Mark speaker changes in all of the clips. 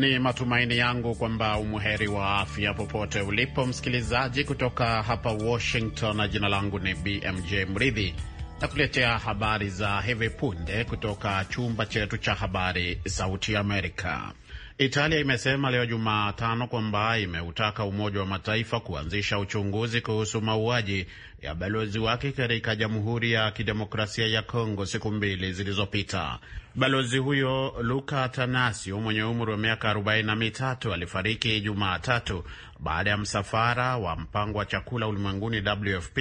Speaker 1: Ni matumaini yangu kwamba umuheri wa afya popote ulipo msikilizaji. Kutoka hapa Washington, na jina langu ni BMJ Mridhi, nakuletea habari za hivi punde kutoka chumba chetu cha habari, Sauti Amerika. Italia imesema leo Jumatano kwamba imeutaka Umoja wa Mataifa kuanzisha uchunguzi kuhusu mauaji ya balozi wake katika Jamhuri ya Kidemokrasia ya Kongo siku mbili zilizopita. Balozi huyo Luka Tanasio mwenye umri wa miaka arobaini na mitatu alifariki Jumatatu baada ya msafara wa mpango wa chakula ulimwenguni WFP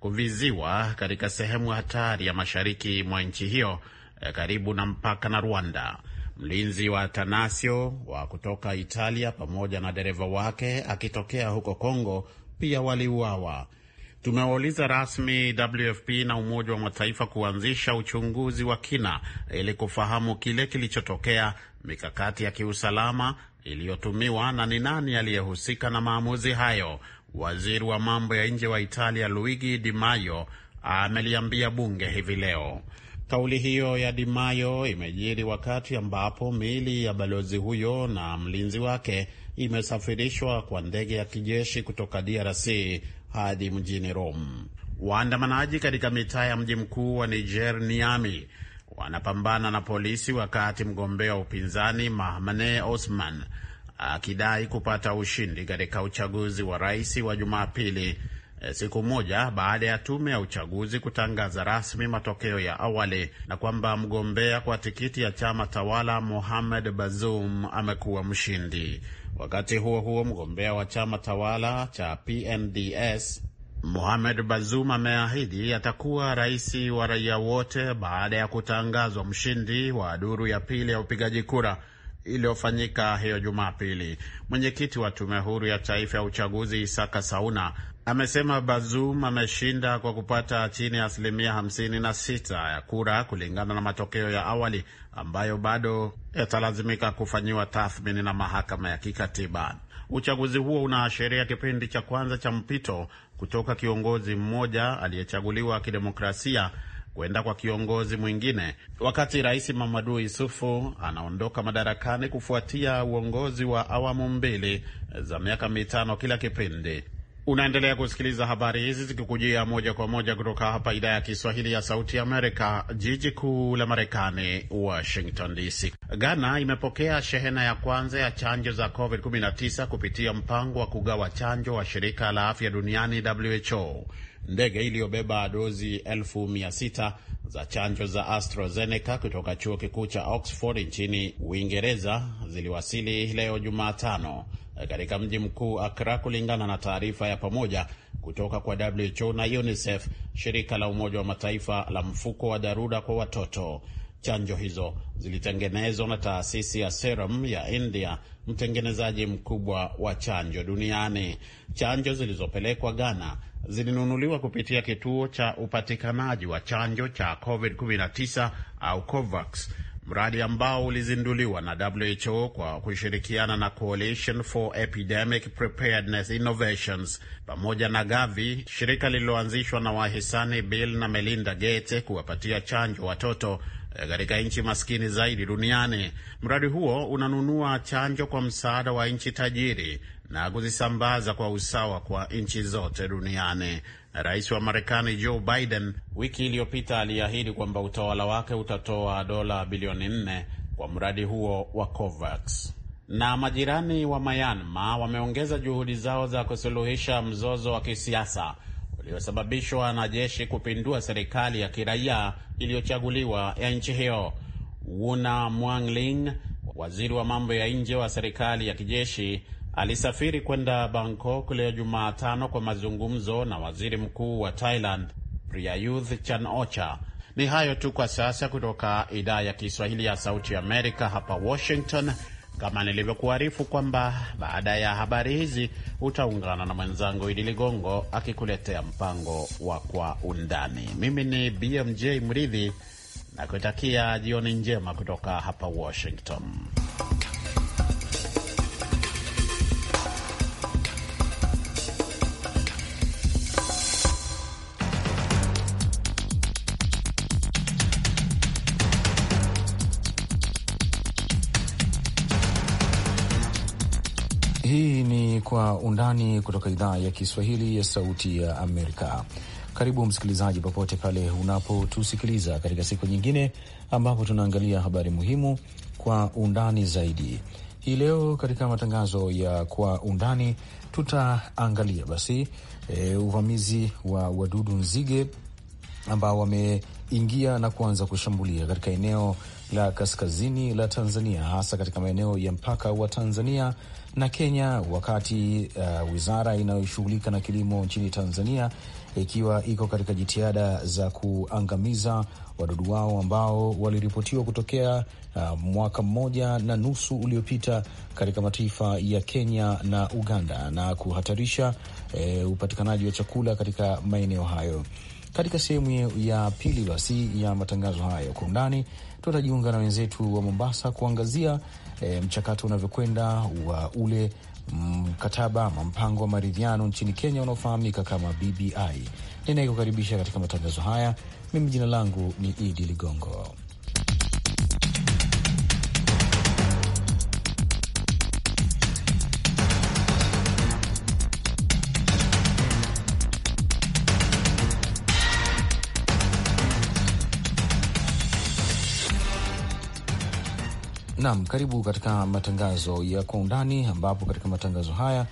Speaker 1: kuviziwa katika sehemu hatari ya mashariki mwa nchi hiyo eh, karibu na mpaka na Rwanda. Mlinzi wa Tanasio wa kutoka Italia pamoja na dereva wake akitokea huko Kongo pia waliuawa. Tumewauliza rasmi WFP na Umoja wa Mataifa kuanzisha uchunguzi wa kina ili kufahamu kile kilichotokea, mikakati ya kiusalama iliyotumiwa na ni nani aliyehusika na maamuzi hayo. Waziri wa mambo ya nje wa Italia Luigi Di Maio ameliambia bunge hivi leo. Kauli hiyo ya Dimayo imejiri wakati ambapo miili ya balozi huyo na mlinzi wake imesafirishwa kwa ndege ya kijeshi kutoka DRC hadi mjini Rome. Waandamanaji katika mitaa ya mji mkuu wa Niger, Niami, wanapambana na polisi wakati mgombea wa upinzani Mahamane Osman akidai kupata ushindi katika uchaguzi wa rais wa Jumapili Eh, siku moja baada ya tume ya uchaguzi kutangaza rasmi matokeo ya awali na kwamba mgombea kwa tikiti ya chama tawala Mohamed Bazoum amekuwa mshindi. Wakati huo huo, mgombea wa chama tawala cha PNDS Mohamed Bazoum ameahidi atakuwa rais wa raia wote baada ya kutangazwa mshindi wa duru ya pili ya upigaji kura iliyofanyika hiyo Jumapili. Mwenyekiti wa tume huru ya taifa ya uchaguzi Isaka Sauna amesema Bazoum ameshinda kwa kupata chini ya asilimia 56 ya kura kulingana na matokeo ya awali ambayo bado yatalazimika kufanyiwa tathmini na mahakama ya kikatiba. Uchaguzi huo unaashiria kipindi cha kwanza cha mpito kutoka kiongozi mmoja aliyechaguliwa kidemokrasia kwenda kwa kiongozi mwingine, wakati Rais Mamadu Isufu anaondoka madarakani kufuatia uongozi wa awamu mbili za miaka mitano kila kipindi. Unaendelea kusikiliza habari hizi zikikujia moja kwa moja kutoka hapa idhaa ya Kiswahili ya Sauti ya Amerika, jiji kuu la Marekani, Washington DC. Ghana imepokea shehena ya kwanza ya chanjo za COVID-19 kupitia mpango wa kugawa chanjo wa shirika la afya duniani WHO. Ndege iliyobeba dozi elfu mia sita za chanjo za AstraZeneca kutoka chuo kikuu cha Oxford nchini Uingereza ziliwasili leo Jumatano Eh, katika mji mkuu Akra, kulingana na taarifa ya pamoja kutoka kwa WHO na UNICEF, shirika la Umoja wa Mataifa la mfuko wa dharura kwa watoto. Chanjo hizo zilitengenezwa na taasisi ya Serum ya India, mtengenezaji mkubwa wa chanjo duniani. Chanjo zilizopelekwa Ghana zilinunuliwa kupitia kituo cha upatikanaji wa chanjo cha COVID-19 au COVAX mradi ambao ulizinduliwa na WHO kwa kushirikiana na Coalition for Epidemic Preparedness Innovations pamoja na Gavi, shirika lililoanzishwa na wahisani Bill na Melinda Gates kuwapatia chanjo watoto eh, katika nchi maskini zaidi duniani. Mradi huo unanunua chanjo kwa msaada wa nchi tajiri na kuzisambaza kwa usawa kwa nchi zote duniani. Rais wa Marekani Joe Biden wiki iliyopita aliahidi kwamba utawala wake utatoa dola bilioni nne kwa mradi huo wa COVAX. Na majirani wa Myanmar wameongeza juhudi zao za kusuluhisha mzozo wa kisiasa uliosababishwa na jeshi kupindua serikali ya kiraia iliyochaguliwa ya nchi hiyo. Wuna Mwangling, waziri wa mambo ya nje wa serikali ya kijeshi alisafiri kwenda Bangkok leo Jumatano kwa mazungumzo na waziri mkuu wa Thailand Prayuth Chan-ocha. Ni hayo tu kwa sasa kutoka idhaa ya Kiswahili ya Sauti Amerika hapa Washington, kama nilivyokuarifu kwamba baada ya habari hizi utaungana na mwenzangu Idi Ligongo akikuletea mpango wa Kwa Undani. Mimi ni BMJ Mridhi na kutakia jioni njema kutoka hapa Washington.
Speaker 2: kwa undani kutoka idhaa ya Kiswahili ya Sauti ya Amerika. Karibu msikilizaji, popote pale unapotusikiliza katika siku nyingine ambapo tunaangalia habari muhimu kwa undani zaidi. Hii leo katika matangazo ya kwa undani tutaangalia basi e, uvamizi wa wadudu nzige ambao wame ingia na kuanza kushambulia katika eneo la kaskazini la Tanzania, hasa katika maeneo ya mpaka wa Tanzania na Kenya, wakati uh, wizara inayoshughulika na kilimo nchini Tanzania ikiwa iko katika jitihada za kuangamiza wadudu wao ambao waliripotiwa kutokea uh, mwaka mmoja na nusu uliopita katika mataifa ya Kenya na Uganda na kuhatarisha uh, upatikanaji wa chakula katika maeneo hayo. Katika sehemu ya pili basi ya matangazo haya kwa undani, tutajiunga na wenzetu wa Mombasa kuangazia e, mchakato unavyokwenda wa ule mkataba ama mpango wa maridhiano nchini Kenya unaofahamika kama BBI. Ninayekukaribisha katika matangazo haya mimi, jina langu ni Idi Ligongo. Naam, karibu katika matangazo ya kwa undani, ambapo katika matangazo haya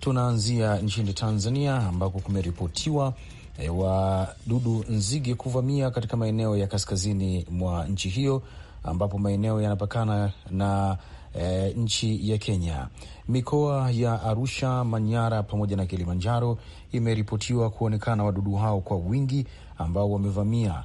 Speaker 2: tunaanzia nchini Tanzania ambako kumeripotiwa e, wadudu nzige kuvamia katika maeneo ya kaskazini mwa nchi hiyo ambapo maeneo yanapakana na e, nchi ya Kenya. Mikoa ya Arusha, Manyara pamoja na Kilimanjaro imeripotiwa kuonekana wadudu hao kwa wingi ambao wamevamia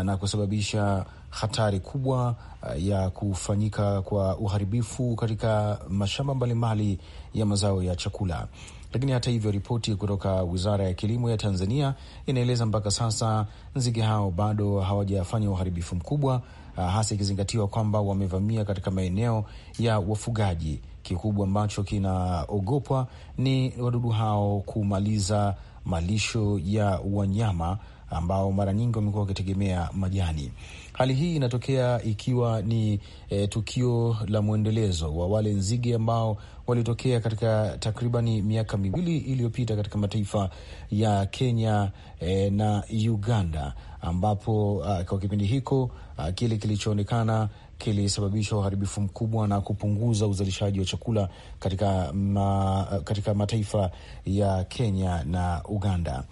Speaker 2: e, na kusababisha hatari kubwa uh, ya kufanyika kwa uharibifu katika mashamba mbalimbali ya mazao ya chakula. Lakini hata hivyo, ripoti kutoka Wizara ya Kilimo ya Tanzania inaeleza mpaka sasa nzige hao bado hawajafanya uharibifu mkubwa, uh, hasa ikizingatiwa kwamba wamevamia katika maeneo ya wafugaji. Kikubwa ambacho kinaogopwa ni wadudu hao kumaliza malisho ya wanyama ambao mara nyingi wamekuwa wakitegemea majani. Hali hii inatokea ikiwa ni e, tukio la mwendelezo wa wale nzige ambao walitokea katika takribani miaka miwili iliyopita katika mataifa ya Kenya e, na Uganda, ambapo a, ah, kwa kipindi hiko a, ah, kile kilichoonekana kilisababisha uharibifu mkubwa na kupunguza uzalishaji wa chakula katika, ma, katika mataifa ya Kenya na Uganda.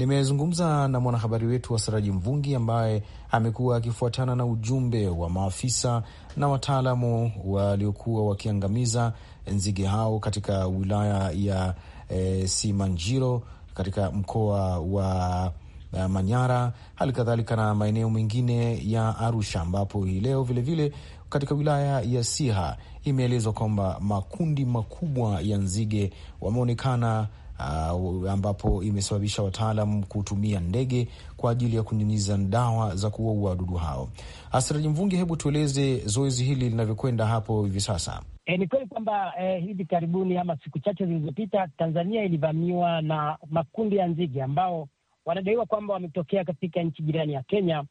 Speaker 2: Nimezungumza na mwanahabari wetu wa Saraji Mvungi ambaye amekuwa akifuatana na ujumbe wa maafisa na wataalamu waliokuwa wakiangamiza nzige hao katika wilaya ya e, Simanjiro katika mkoa wa eh, Manyara, hali kadhalika na maeneo mengine ya Arusha, ambapo hii leo vilevile katika wilaya ya Siha imeelezwa kwamba makundi makubwa ya nzige wameonekana uh, ambapo imesababisha wataalam kutumia ndege kwa ajili ya kunyunyiza dawa za kuwaua wadudu hao. Asraji Mvungi, hebu tueleze zoezi hili linavyokwenda hapo hivi sasa.
Speaker 3: E, ni kweli kwamba e, hivi karibuni ama siku chache zilizopita Tanzania ilivamiwa na makundi ya nzige ambao wanadaiwa kwamba wametokea katika nchi jirani ya Kenya,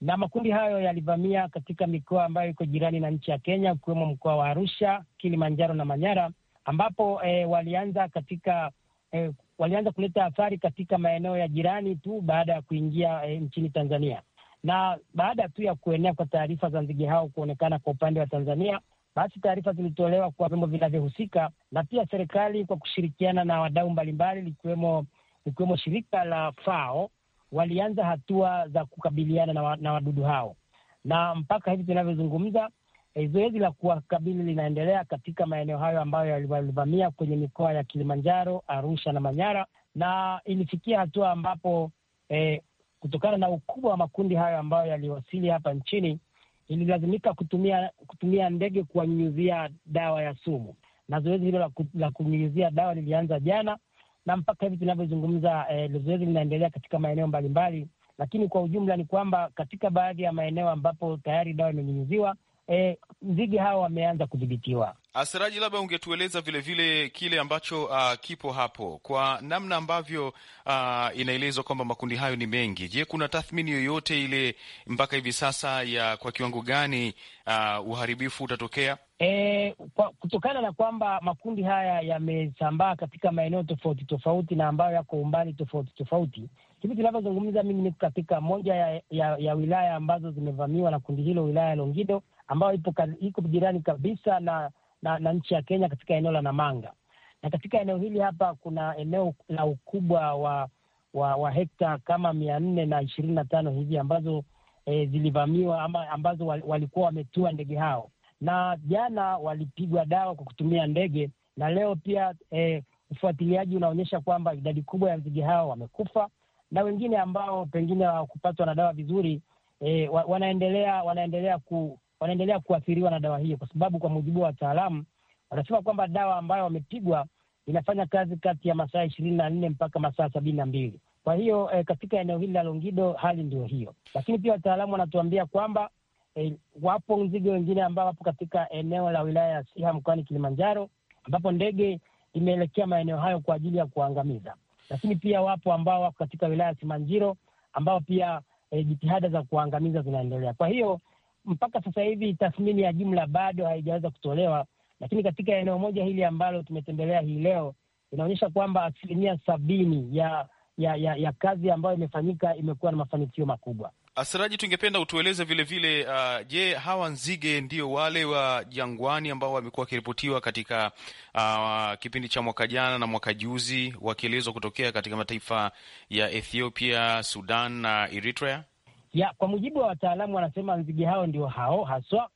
Speaker 3: na makundi hayo yalivamia katika mikoa ambayo iko jirani na nchi ya Kenya, ukiwemo mkoa wa Arusha, Kilimanjaro na Manyara, ambapo e, walianza katika eh, walianza kuleta athari katika maeneo ya jirani tu baada ya kuingia eh, nchini Tanzania, na baada tu ya kuenea kwa taarifa za nzige hao kuonekana kwa upande wa Tanzania, basi taarifa zilitolewa kwa vyombo vinavyohusika na pia serikali kwa kushirikiana na wadau mbalimbali likiwemo likiwemo shirika la FAO walianza hatua za kukabiliana na, wa, na wadudu hao, na mpaka hivi tunavyozungumza E, zoezi la kuwakabili linaendelea katika maeneo hayo ambayo yalivamia kwenye mikoa ya Kilimanjaro, Arusha na Manyara, na ilifikia hatua ambapo eh, kutokana na ukubwa wa makundi hayo ambayo yaliwasili hapa nchini ililazimika kutumia kutumia ndege kuwanyunyuzia dawa ya sumu, na zoezi hilo la, la kunyunyuzia dawa lilianza jana na mpaka hivi tunavyozungumza eh, zoezi linaendelea katika maeneo mbalimbali, lakini kwa ujumla ni kwamba katika baadhi ya maeneo ambapo tayari dawa imenyunyuziwa eh, nzige hawa wameanza kudhibitiwa.
Speaker 4: Asiraji, labda ungetueleza vilevile kile ambacho uh, kipo hapo kwa namna ambavyo uh, inaelezwa kwamba makundi hayo ni mengi. Je, kuna tathmini yoyote ile mpaka hivi sasa ya kwa kiwango gani uh, uharibifu utatokea?
Speaker 3: E, kwa, kutokana na kwamba makundi haya yamesambaa katika maeneo tofauti tofauti na ambayo yako umbali tofauti tofauti, hivi tunavyozungumza, mimi niko katika moja ya, ya, ya wilaya ambazo zimevamiwa na kundi hilo, wilaya ya Longido ambayo ipo, iko jirani kabisa na na, na nchi ya Kenya katika eneo la Namanga, na katika eneo hili hapa kuna eneo la ukubwa wa wa, wa hekta kama mia nne na ishirini na tano hivi ambazo e, zilivamiwa ama ambazo walikuwa wametua ndege hao, na jana walipigwa dawa kwa kutumia ndege, na leo pia e, ufuatiliaji unaonyesha kwamba idadi kubwa ya nzige hao wamekufa na wengine ambao pengine hawakupatwa na dawa vizuri e, wanaendelea wanaendelea ku, wanaendelea kuathiriwa na dawa hiyo, kwa sababu kwa mujibu wa wataalamu wanasema kwamba dawa ambayo wamepigwa inafanya kazi kati ya masaa ishirini na nne mpaka masaa sabini na mbili. Kwa hiyo eh, katika eneo hili la Longido hali ndio hiyo, lakini pia wataalamu wanatuambia kwamba eh, wapo nzige wengine ambao wapo katika eneo la wilaya ya Siha mkoani Kilimanjaro, ambapo ndege imeelekea maeneo hayo kwa ajili ya kuangamiza. Lakini pia wapo ambao wako katika wilaya ya Simanjiro ambao pia eh, jitihada za kuangamiza zinaendelea. Kwa hiyo mpaka sasa hivi tathmini ya jumla bado haijaweza kutolewa, lakini katika eneo moja hili ambalo tumetembelea hii leo inaonyesha kwamba asilimia sabini ya ya, ya ya kazi ambayo imefanyika imekuwa na mafanikio makubwa.
Speaker 4: Asiraji, tungependa utueleze vilevile vile, uh, je, hawa nzige ndio wale wa jangwani ambao wamekuwa wakiripotiwa katika uh, kipindi cha mwaka jana na mwaka juzi wakielezwa kutokea katika mataifa ya Ethiopia, Sudan na Eritrea?
Speaker 3: ya kwa mujibu wa wataalamu wanasema nzige hao ndio hao haswa,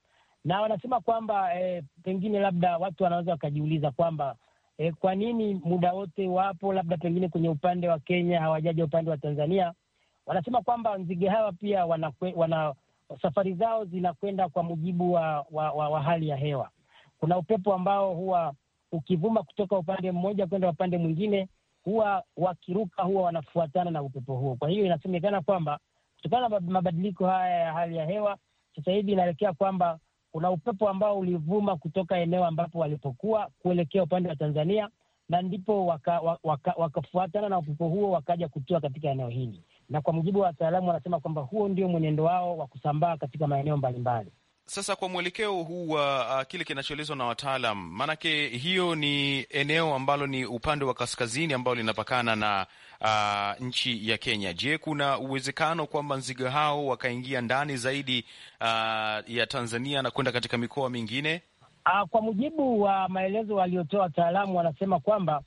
Speaker 3: na wanasema kwamba e, pengine labda watu wanaweza wakajiuliza kwamba e, kwa nini muda wote wapo labda pengine kwenye upande wa Kenya hawajaja upande wa Tanzania. Wanasema kwamba nzige hawa pia wana, wana safari zao zinakwenda kwa mujibu wa, wa, wa, wa hali ya hewa. Kuna upepo ambao huwa ukivuma kutoka upande mmoja kwenda upande mwingine, huwa wakiruka, huwa wanafuatana na upepo huo. Kwa hiyo inasemekana kwamba kutokana na mabadiliko haya ya hali ya hewa, sasa hivi inaelekea kwamba kuna upepo ambao ulivuma kutoka eneo ambapo walipokuwa kuelekea upande wa Tanzania, na ndipo wakafuatana waka, waka, waka na upepo huo wakaja kutua katika eneo hili, na kwa mujibu wa wataalamu wanasema kwamba huo ndio mwenendo wao wa kusambaa katika maeneo mbalimbali.
Speaker 4: Sasa kwa mwelekeo huu wa uh, kile kinachoelezwa na wataalam, maanake hiyo ni eneo ambalo ni upande wa kaskazini ambalo linapakana na uh, nchi ya Kenya. Je, kuna uwezekano kwamba nzige hao wakaingia ndani zaidi uh, ya Tanzania na kwenda katika mikoa mingine?
Speaker 3: Uh, kwa mujibu wa uh, maelezo waliotoa wataalamu, wanasema kwamba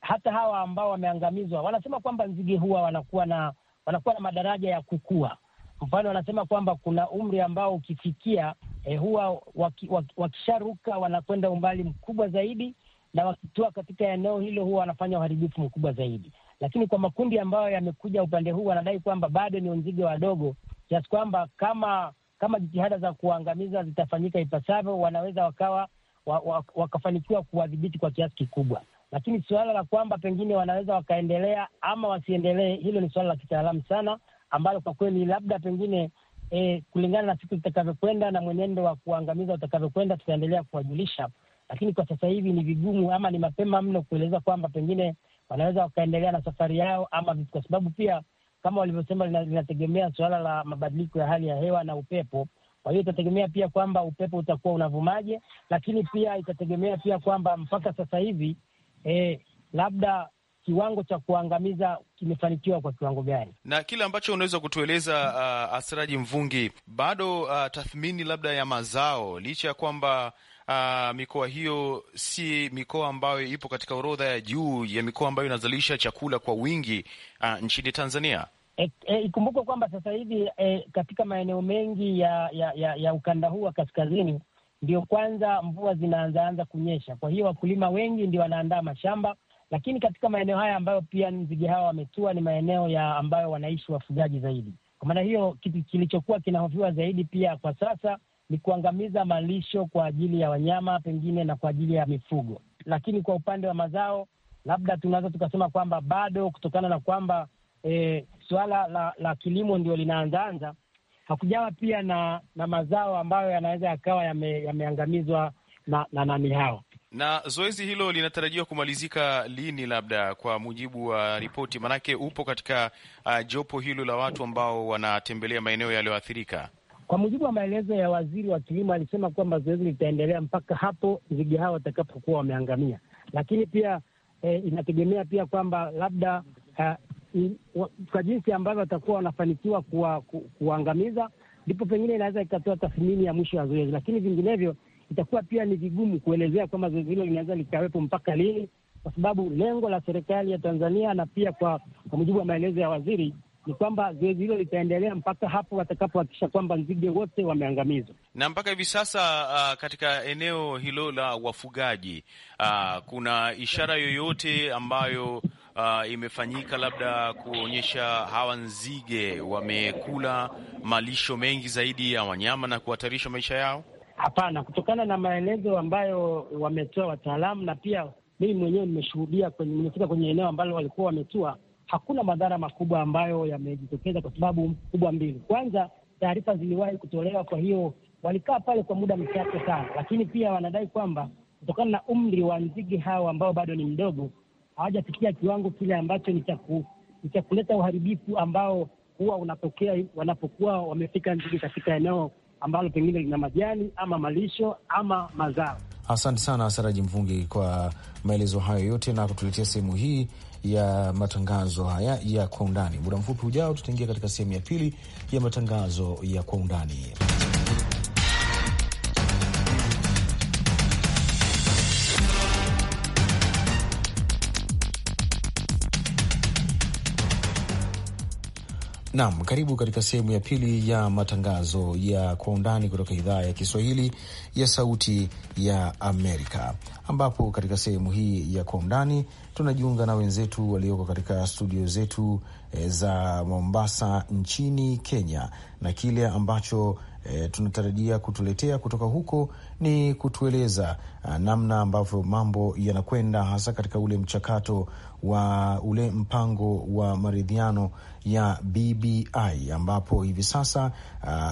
Speaker 3: hata hawa ambao wameangamizwa, wanasema kwamba nzige huwa wanakuwa na wanakuwa na madaraja ya kukua. Mfano, wanasema kwamba kuna umri ambao ukifikia e, huwa wakisharuka waki, wanakwenda umbali mkubwa zaidi, na wakitua katika eneo hilo huwa wanafanya uharibifu mkubwa zaidi. Lakini kwa makundi ambayo yamekuja upande huu wanadai kwamba bado ni nzige wadogo kiasi kwamba kama kama jitihada za kuangamiza zitafanyika ipasavyo, wanaweza wakawa wa, wa, wakafanikiwa kuwadhibiti kwa kiasi kikubwa. Lakini suala la kwamba pengine wanaweza wakaendelea ama wasiendelee, hilo ni suala la kitaalamu sana ambalo kwa kweli labda pengine e, kulingana na siku zitakavyokwenda na mwenendo wa kuangamiza utakavyokwenda, tutaendelea kuwajulisha, lakini kwa sasa hivi ni vigumu ama ni mapema mno kueleza kwamba pengine wanaweza wakaendelea na safari yao ama, kwa sababu pia kama walivyosema, linategemea suala la mabadiliko ya hali ya hewa na upepo. Kwa hiyo itategemea pia kwamba upepo utakuwa unavumaje, lakini pia itategemea pia kwamba mpaka sasa hivi eh, labda kiwango cha kuangamiza kimefanikiwa kwa kiwango gani,
Speaker 4: na kile ambacho unaweza kutueleza uh, Asiraji Mvungi, bado uh, tathmini labda ya mazao, licha ya kwamba uh, mikoa hiyo si mikoa ambayo ipo katika orodha ya juu ya mikoa ambayo inazalisha chakula kwa wingi uh, nchini Tanzania.
Speaker 5: E, e,
Speaker 3: ikumbukwe kwamba sasa hivi e, katika maeneo mengi ya, ya, ya, ya ukanda huu wa kaskazini ndio kwanza mvua zinaanzaanza kunyesha. Kwa hiyo wakulima wengi ndio wanaandaa mashamba lakini katika maeneo haya ambayo pia nzige hawa wametua ni maeneo ya ambayo wanaishi wafugaji zaidi. Kwa maana hiyo, kitu kilichokuwa kinahofiwa zaidi pia kwa sasa ni kuangamiza malisho kwa ajili ya wanyama pengine na kwa ajili ya mifugo. Lakini kwa upande wa mazao, labda tunaweza tukasema kwamba bado kutokana na kwamba e, suala la, la kilimo ndio linaanzaanza, hakujawa pia na na mazao ambayo yanaweza yakawa yame, yameangamizwa na nani hawa
Speaker 4: na zoezi hilo linatarajiwa kumalizika lini, labda kwa mujibu wa ripoti? Maanake upo katika uh, jopo hilo la watu ambao wanatembelea maeneo yaliyoathirika.
Speaker 3: Kwa mujibu wa maelezo ya waziri wa kilimo, alisema kwamba zoezi litaendelea mpaka hapo nzige hao watakapokuwa wameangamia, lakini pia eh, inategemea pia kwamba labda eh, kwa jinsi ambavyo watakuwa wanafanikiwa kuwaangamiza ku, ndipo pengine inaweza ikatoa tathmini ya mwisho ya zoezi, lakini vinginevyo itakuwa pia ni vigumu kuelezea kwamba zoezi hilo linaweza likawepo mpaka lini, kwa sababu lengo la serikali ya Tanzania na pia kwa, kwa mujibu wa maelezo ya waziri ni kwamba zoezi hilo litaendelea mpaka hapo watakapohakikisha kwamba nzige wote wameangamizwa.
Speaker 4: Na mpaka hivi sasa uh, katika eneo hilo la wafugaji uh, kuna ishara yoyote ambayo uh, imefanyika labda kuonyesha hawa nzige wamekula malisho mengi zaidi ya wanyama na kuhatarisha maisha yao?
Speaker 3: Hapana, kutokana na maelezo ambayo wametoa wataalamu na pia mimi mwenyewe nimeshuhudia kwenye, nimefika kwenye eneo ambalo walikuwa wametua, hakuna madhara makubwa ambayo yamejitokeza kwa sababu kubwa mbili. Kwanza, taarifa ziliwahi kutolewa, kwa hiyo walikaa pale kwa muda mchache sana, lakini pia wanadai kwamba kutokana na umri wa nzige hao ambao bado ni mdogo, hawajafikia kiwango kile ambacho ni cha kuleta uharibifu ambao huwa unatokea wanapokuwa wamefika nzige katika eneo ambalo pengine lina majani ama malisho ama mazao.
Speaker 2: Asante sana Saraji Mvungi kwa maelezo hayo yote na kutuletea sehemu hii ya matangazo haya ya kwa undani. Muda mfupi ujao, tutaingia katika sehemu ya pili ya matangazo ya kwa undani. Naam, karibu katika sehemu ya pili ya matangazo ya kwa undani kutoka idhaa ya Kiswahili ya Sauti ya Amerika, ambapo katika sehemu hii ya kwa undani tunajiunga na wenzetu walioko katika studio zetu e, za Mombasa nchini Kenya na kile ambacho e, tunatarajia kutuletea kutoka huko ni kutueleza uh, namna ambavyo mambo yanakwenda hasa katika ule mchakato wa ule mpango wa maridhiano ya BBI ambapo hivi sasa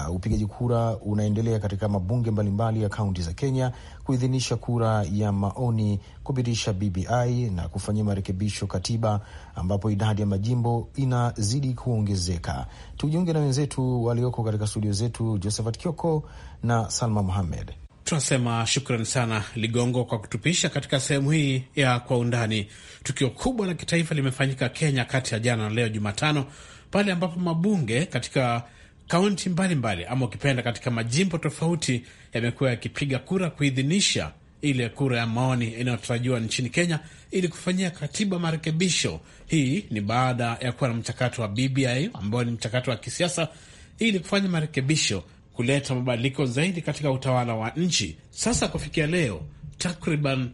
Speaker 2: uh, upigaji kura unaendelea katika mabunge mbalimbali ya kaunti za Kenya kuidhinisha kura ya maoni kupitisha BBI na kufanyia marekebisho katiba, ambapo idadi ya majimbo inazidi kuongezeka. Tujiunge na
Speaker 6: wenzetu
Speaker 2: walioko katika studio zetu, Josephat Kioko na Salma Muhammed.
Speaker 6: Tunasema shukran sana Ligongo kwa kutupisha katika sehemu hii ya kwa undani. Tukio kubwa la kitaifa limefanyika Kenya kati ya jana na leo Jumatano, pale ambapo mabunge katika kaunti mbalimbali ama ukipenda katika majimbo tofauti yamekuwa yakipiga kura kuidhinisha ile kura ya maoni inayotarajiwa nchini Kenya ili kufanyia katiba marekebisho. Hii ni baada ya kuwa na mchakato wa BBI ambao ni mchakato wa kisiasa ili kufanya marekebisho kuleta mabadiliko zaidi katika utawala wa nchi. Sasa kufikia leo, takriban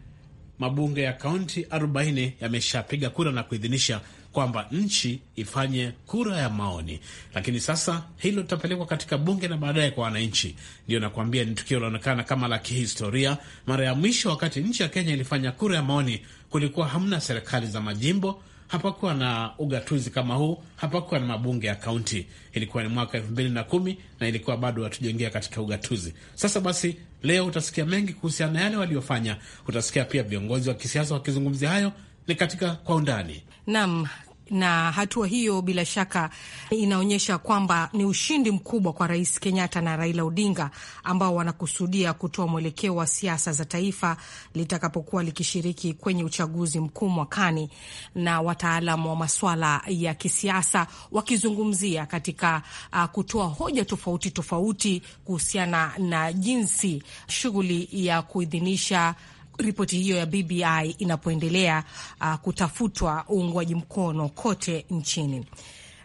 Speaker 6: mabunge ya kaunti 40 yameshapiga kura na kuidhinisha kwamba nchi ifanye kura ya maoni, lakini sasa hilo litapelekwa katika bunge na baadaye kwa wananchi. Ndio nakuambia ni tukio linaonekana kama la kihistoria. Mara ya mwisho wakati nchi ya Kenya ilifanya kura ya maoni, kulikuwa hamna serikali za majimbo hapakuwa na ugatuzi kama huu, hapakuwa na mabunge ya kaunti. Ilikuwa ni mwaka elfu mbili na kumi na ilikuwa bado hatujaingia katika ugatuzi. Sasa basi, leo utasikia mengi kuhusiana na yale waliofanya. Utasikia pia viongozi wa kisiasa wakizungumzia hayo, ni katika kwa undani.
Speaker 5: nam na hatua hiyo bila shaka inaonyesha kwamba ni ushindi mkubwa kwa Rais Kenyatta na Raila Odinga ambao wanakusudia kutoa mwelekeo wa siasa za taifa litakapokuwa likishiriki kwenye uchaguzi mkuu mwakani, na wataalamu wa maswala ya kisiasa wakizungumzia katika uh, kutoa hoja tofauti tofauti kuhusiana na jinsi shughuli ya kuidhinisha ripoti hiyo ya BBI inapoendelea uh, kutafutwa uungwaji mkono kote nchini.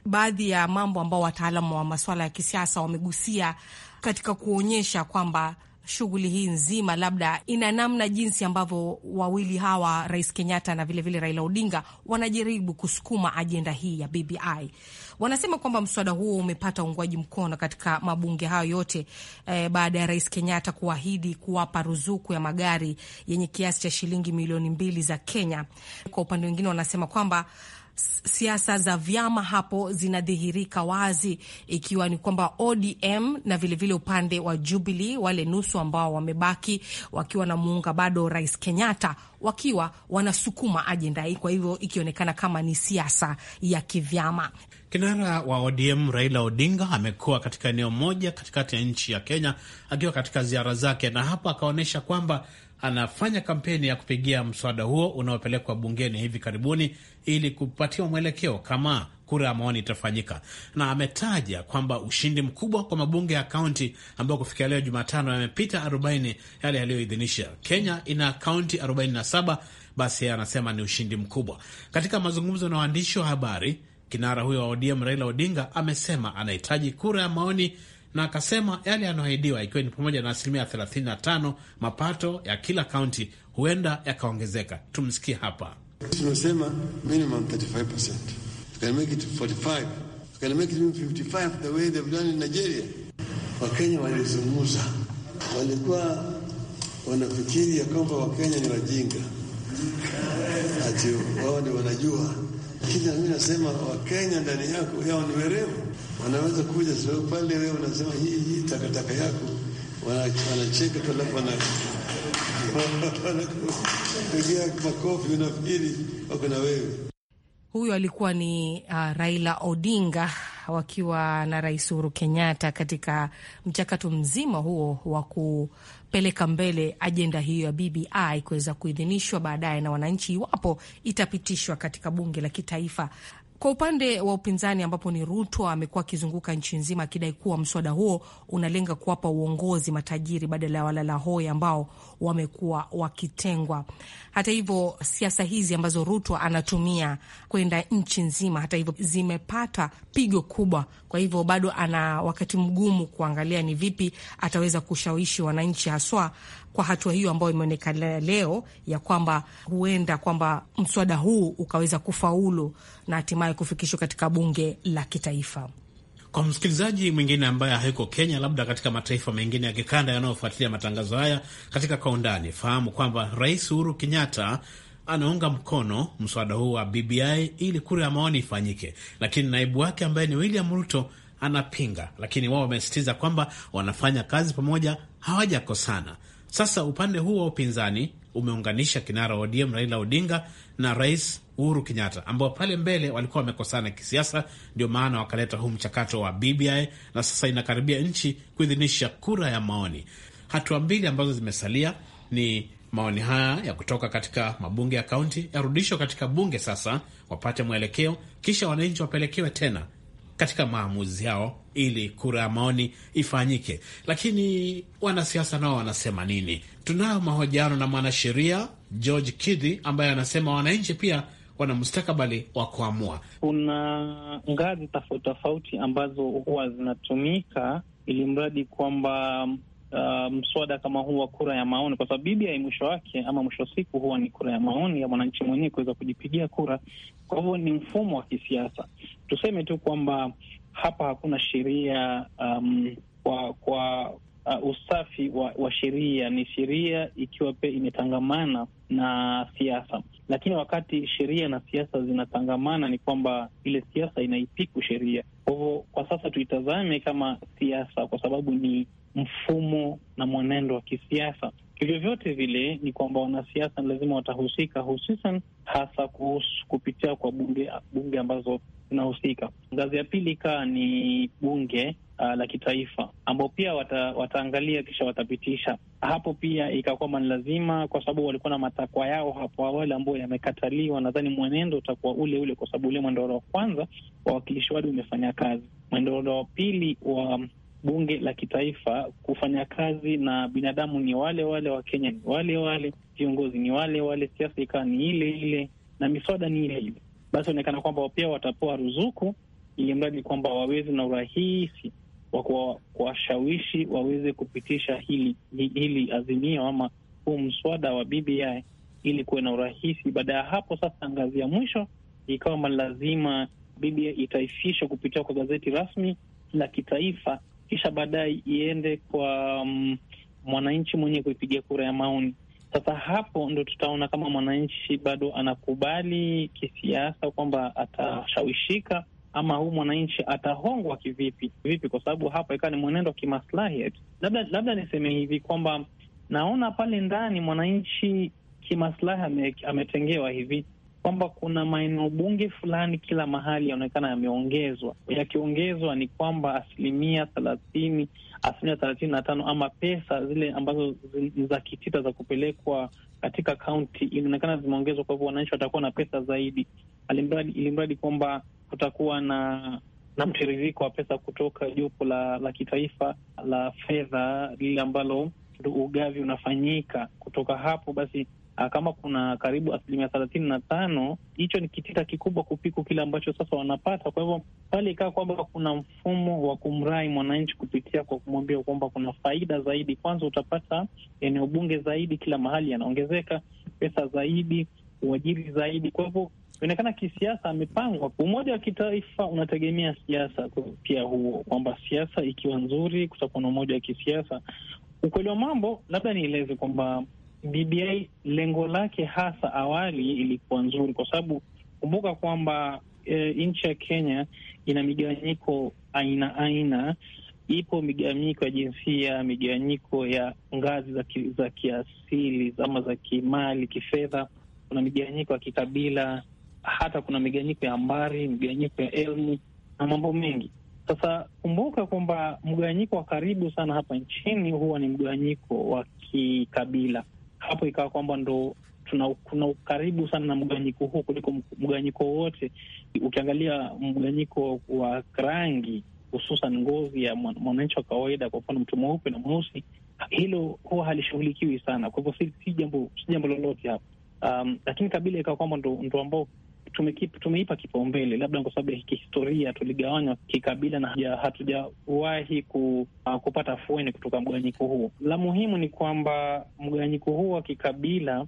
Speaker 5: Baadhi ya mambo ambao wataalamu wa masuala ya kisiasa wamegusia katika kuonyesha kwamba shughuli hii nzima labda ina namna jinsi ambavyo wawili hawa Rais Kenyatta na vilevile vile Raila Odinga wanajaribu kusukuma ajenda hii ya BBI. Wanasema kwamba mswada huo umepata uungwaji mkono katika mabunge hayo yote eh, baada ya Rais Kenyatta kuahidi kuwapa ruzuku ya magari yenye kiasi cha shilingi milioni mbili za Kenya. Kwa upande wengine wanasema kwamba siasa za vyama hapo zinadhihirika wazi, ikiwa ni kwamba ODM na vilevile vile upande wa Jubilee, wale nusu ambao wamebaki wakiwa na muunga bado Rais Kenyatta, wakiwa wanasukuma ajenda hii, kwa hivyo ikionekana kama ni siasa ya kivyama.
Speaker 6: Kinara wa ODM Raila Odinga amekuwa katika eneo moja katikati ya nchi ya Kenya akiwa katika ziara zake, na hapo akaonyesha kwamba anafanya kampeni ya kupigia mswada huo unaopelekwa bungeni hivi karibuni ili kupatiwa mwelekeo kama kura ya maoni itafanyika, na ametaja kwamba ushindi mkubwa kwa mabunge ya kaunti ambayo kufikia leo Jumatano yamepita 40 yale yaliyoidhinisha. Kenya ina kaunti 47, basi yeye anasema ni ushindi mkubwa. Katika mazungumzo na waandishi wa habari, kinara huyo wa ODM Raila Odinga amesema anahitaji kura ya maoni na akasema yale yanayoahidiwa ikiwa ni pamoja na asilimia 35 mapato ya kila kaunti huenda yakaongezeka. Tumsikie hapa.
Speaker 3: Tunasema minimum 35%. make it 45. make it
Speaker 1: 55 the way they've done in Nigeria. Wakenya walizungumza, walikuwa
Speaker 3: wanafikiri ya kwamba Wakenya ni wajinga, ati wao ndio wanajua lakini mimi nasema Wakenya ndani yako yao ni werevu, wanaweza kuja sio pale, wewe unasema hii hii takataka yako, wanacheka tu, alafu wanapigia makofi, unafikiri wako na wewe.
Speaker 5: Huyu alikuwa ni uh, Raila Odinga wakiwa na Rais Uhuru Kenyatta katika mchakato mzima huo wa ku kupeleka mbele ajenda hiyo ya BBI kuweza kuidhinishwa baadaye na wananchi iwapo itapitishwa katika bunge la kitaifa. Kwa upande wa upinzani ambapo ni Ruto amekuwa akizunguka nchi nzima akidai kuwa mswada huo unalenga kuwapa uongozi matajiri badala ya walalahoi ambao wamekuwa wakitengwa. Hata hivyo, siasa hizi ambazo Ruto anatumia kwenda nchi nzima, hata hivyo, zimepata pigo kubwa. Kwa hivyo, bado ana wakati mgumu kuangalia ni vipi ataweza kushawishi wananchi haswa kwa hatua hiyo ambayo imeonekana leo ya kwamba huenda kwamba mswada huu ukaweza kufaulu na hatimaye kufikishwa katika bunge la kitaifa.
Speaker 6: Kwa msikilizaji mwingine ambaye hayuko Kenya, labda katika mataifa mengine ya kikanda yanayofuatilia matangazo haya katika kwa undani, fahamu kwamba Rais Uhuru Kenyatta anaunga mkono mswada huu wa BBI ili kura ya maoni ifanyike, lakini naibu wake ambaye ni William Ruto anapinga, lakini wao wamesisitiza kwamba wanafanya kazi pamoja, hawajakosana. Sasa upande huo wa upinzani umeunganisha kinara wa ODM Raila Odinga na Rais Uhuru Kenyatta, ambao pale mbele walikuwa wamekosana kisiasa, ndio maana wakaleta huu mchakato wa BBI na sasa inakaribia nchi kuidhinisha kura ya maoni. Hatua mbili ambazo zimesalia ni maoni haya ya kutoka katika mabunge ya kaunti yarudishwa katika bunge sasa, wapate mwelekeo, kisha wananchi wapelekewe tena katika maamuzi yao ili kura ya maoni ifanyike. Lakini wanasiasa nao wanasema nini? Tunayo mahojiano na mwanasheria George Kidhi ambaye anasema wananchi pia wana mustakabali wa kuamua.
Speaker 7: Kuna ngazi tofauti tofauti ambazo huwa zinatumika ili mradi kwamba uh, mswada kama huu wa kura ya maoni, kwa sababu BBI mwisho wake ama mwisho wa siku huwa ni kura ya maoni ya mwananchi mwenyewe kuweza kujipigia kura. Kwa hivyo ni mfumo wa kisiasa. Tuseme tu kwamba hapa hakuna sheria um, kwa kwa uh, usafi wa, wa sheria ni sheria ikiwa pia imetangamana na siasa, lakini wakati sheria na siasa zinatangamana ni kwamba ile siasa inaipiku sheria. Kwa hivyo kwa sasa tuitazame kama siasa, kwa sababu ni mfumo na mwenendo wa kisiasa. vyote vile ni kwamba wanasiasa lazima watahusika, hususan hasa kuhusu kupitia kwa bunge, bunge ambazo zinahusika. Ngazi ya pili ikaa ni bunge Uh, la kitaifa ambao pia wata, wataangalia kisha watapitisha. Hapo pia ikakwamba ni lazima, kwa sababu walikuwa na matakwa yao hapo awali ambayo yamekataliwa. Nadhani mwenendo utakuwa ule ule, kwa sababu ule mwendoro wa kwanza wa wadi umefanya kazi. Mwendoro wa pili wa bunge la kitaifa kufanya kazi na binadamu ni wale wale, Wakenya ni wale wale, viongozi ni wale wale, siasa ikawa ni ile ile na miswada ni ile ile, basi onekana kwamba pia watapewa ruzuku, ili mradi kwamba waweze na urahisi wa kuwashawishi waweze kupitisha hili, hili azimio ama huu mswada wa BBI ili kuwe na urahisi. Baada ya hapo sasa, ngazi ya mwisho ikawa lazima BBI itaifishwa kupitia kwa gazeti rasmi la kitaifa kisha baadaye iende kwa um, mwananchi mwenyewe kuipigia kura ya maoni. Sasa hapo ndo tutaona kama mwananchi bado anakubali kisiasa kwamba atashawishika ama huu mwananchi atahongwa kivipi vipi, kwa sababu hapa ikawa ni mwenendo wa kimaslahi. Labda labda niseme hivi kwamba naona pale ndani mwananchi kimaslahi ame, ametengewa hivi kwamba kuna maeneo bunge fulani kila mahali yanaonekana yameongezwa. Yakiongezwa ni kwamba asilimia thelathini, asilimia thelathini na tano ama pesa zile ambazo za kitita za kupelekwa katika kaunti inaonekana zimeongezwa, kwa hivyo wananchi watakuwa na pesa zaidi, ilimradi kwamba kutakuwa na na mtiririko wa pesa kutoka jopo la, la kitaifa la fedha lile ambalo ugavi unafanyika. Kutoka hapo basi Ah, kama kuna karibu asilimia thelathini na tano, hicho ni kitita kikubwa kupiku kile ambacho sasa wanapata. Kwa hivyo pale ikawa kwamba kuna mfumo wa kumrai mwananchi kupitia kwa kumwambia kwamba kuna faida zaidi. Kwanza utapata eneo bunge zaidi, kila mahali yanaongezeka, pesa zaidi, uajiri zaidi. Kwa hivyo inaonekana kisiasa amepangwa. Umoja wa kitaifa unategemea siasa pia huo, kwamba siasa ikiwa nzuri, kutakuwa na umoja wa kisiasa. Ukweli wa mambo, labda nieleze kwamba BBI lengo lake hasa awali ilikuwa nzuri, kwa sababu kumbuka kwamba e, nchi ya Kenya ina migawanyiko aina aina. Ipo migawanyiko ya jinsia, migawanyiko ya ngazi za, ki, za kiasili ama za kimali, kifedha. Kuna migawanyiko ya kikabila, hata kuna migawanyiko ya mbari migawanyiko ya elmu na mambo mengi. Sasa kumbuka kwamba mgawanyiko wa karibu sana hapa nchini huwa ni mgawanyiko wa kikabila hapo ikawa kwamba ndo tuna kuna ukaribu sana na mgawanyiko huu kuliko mgawanyiko wowote. Ukiangalia mgawanyiko wa rangi, hususan ngozi ya mwananchi wa kawaida, kwa mfano mtu mweupe na mweusi, hilo huwa halishughulikiwi sana. Kwa hivyo si jambo si jambo lolote hapo, um, lakini kabila ikawa kwamba ndo ambao tumeipa kipaumbele, labda kwa sababu ya kihistoria tuligawanywa kikabila na hatujawahi ku, uh, kupata fueni kutoka mgawanyiko huo. La muhimu ni kwamba mgawanyiko huo wa kikabila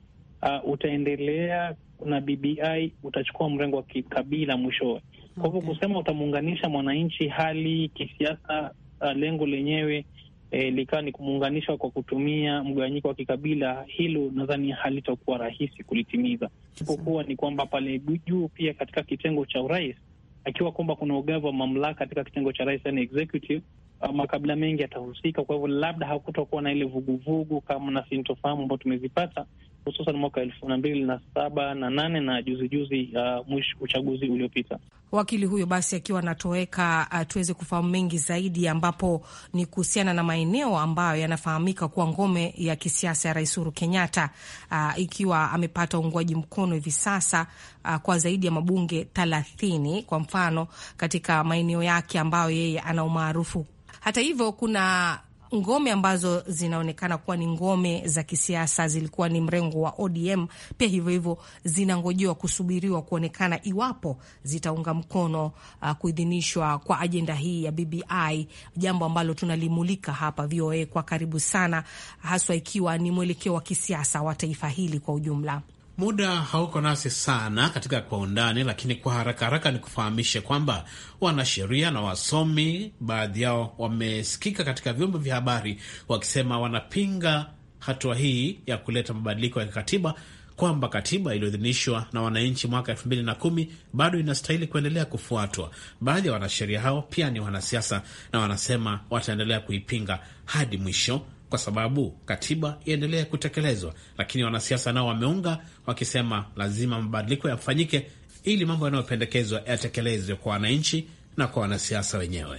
Speaker 7: uh, utaendelea na BBI utachukua mrengo wa kikabila mwishowe. Kwa hivyo okay, kusema utamuunganisha mwananchi hali kisiasa, uh, lengo lenyewe e, likawa ni kumuunganisha kwa kutumia mgawanyiko wa kikabila, hilo nadhani halitakuwa rahisi kulitimiza. Isipokuwa ni kwamba pale juu pia katika kitengo cha urais, akiwa kwamba kuna ugavi wa mamlaka katika kitengo cha rais, yani executive, ah, makabila mengi yatahusika. Kwa hivyo labda hakutakuwa na ile vuguvugu kama na sintofahamu ambayo tumezipata hususan mwaka elfu na mbili na saba na nane na juzijuzi uh, mwisho uchaguzi uliopita.
Speaker 5: Wakili huyo basi akiwa anatoweka, uh, tuweze kufahamu mengi zaidi, ambapo ni kuhusiana na maeneo ambayo yanafahamika kuwa ngome ya kisiasa ya Rais Uhuru Kenyatta, uh, ikiwa amepata uungwaji mkono hivi sasa uh, kwa zaidi ya mabunge thelathini, kwa mfano katika maeneo yake ambayo yeye ana umaarufu. Hata hivyo kuna ngome ambazo zinaonekana kuwa ni ngome za kisiasa zilikuwa ni mrengo wa ODM, pia hivyo hivyo zinangojewa kusubiriwa kuonekana iwapo zitaunga mkono uh, kuidhinishwa kwa ajenda hii ya BBI, jambo ambalo tunalimulika hapa VOA kwa karibu sana, haswa ikiwa ni mwelekeo wa kisiasa wa taifa hili kwa ujumla.
Speaker 6: Muda hauko nasi sana katika kwa undani, lakini kwa haraka haraka ni kufahamishe kwamba wanasheria na wasomi baadhi yao wamesikika katika vyombo vya habari wakisema wanapinga hatua hii ya kuleta mabadiliko ya kikatiba, kwamba katiba iliyoidhinishwa na wananchi mwaka elfu mbili na kumi bado inastahili kuendelea kufuatwa. Baadhi ya wanasheria hao pia ni wanasiasa na wanasema wataendelea kuipinga hadi mwisho kwa sababu katiba iendelee kutekelezwa. Lakini wanasiasa nao wameunga wakisema, lazima mabadiliko yafanyike ili mambo yanayopendekezwa yatekelezwe kwa wananchi na kwa wanasiasa wenyewe.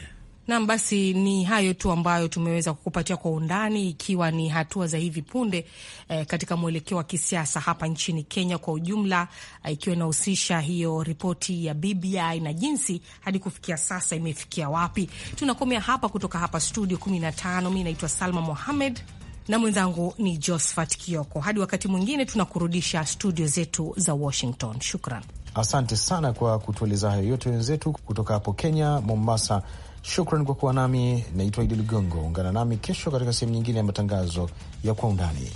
Speaker 5: Nam, basi ni hayo tu ambayo tumeweza kukupatia kwa undani, ikiwa ni hatua za hivi punde eh, katika mwelekeo wa kisiasa hapa nchini Kenya kwa ujumla eh, ikiwa inahusisha hiyo ripoti ya BBI na jinsi hadi kufikia sasa imefikia wapi. Tunakomea hapa kutoka hapa studio 15. Mi naitwa Salma Mohamed na mwenzangu ni Josphat Kioko. Hadi wakati mwingine, tunakurudisha studio zetu za Washington. Shukran,
Speaker 2: asante sana kwa kutueleza hayo yote wenzetu kutoka hapo Kenya, Mombasa. Shukran kwa kuwa nami. Naitwa Idi Ligongo. Ungana nami kesho katika sehemu nyingine ya matangazo ya Kwa Undani.